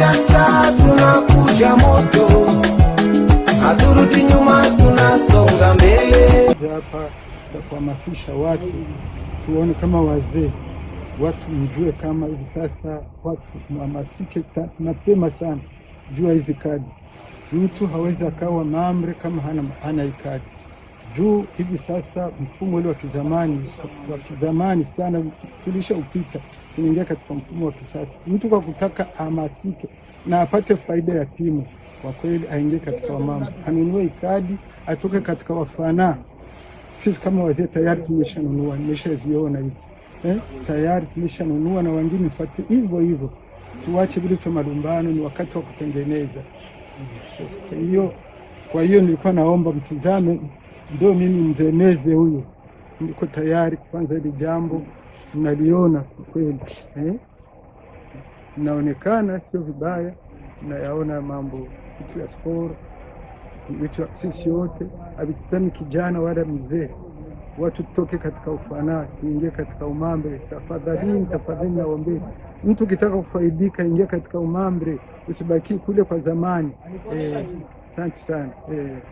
Viganja tunakuja moto, haturudi nyuma, tunasonga mbele. Hapa kuhamasisha watu tuone kama wazee, watu mjue kama hivi sasa watu mhamasike mapema sana jua hizi kadi. Mtu hawezi akawa mamre kama hana, hana ikadi juu hivi sasa mfumo ule wa kizamani wa kizamani sana upita tunaingia katika mfumo wa kisasa. Mtu kwa kutaka ahamasike na apate faida ya timu, kwa kweli aingie katika wamama, anunue kadi, atoke katika wafana Sisi kama wazee tayari tumeshanunua, nimeshaziona hivi eh, tayari tumeshanunua na wengine mfuate hivyo hivyo, tuwache vile vya malumbano, ni wakati wa kutengeneza sasa. Kwa hiyo kwa hiyo nilikuwa naomba mtizame, ndio mimi mzemeze huyu, niko tayari kuanza hili jambo naliona kwa kweli eh? Naonekana sio vibaya, nayaona mambo ya sport sisi wote havitizami kijana wala mzee, watu tutoke katika ufanaa tuingie katika umambre. Tafadhalini, tafadhali naombeni, mtu ukitaka kufaidika ingia katika umambre, usibaki kule kwa zamani. Eh, asante eh, sana eh.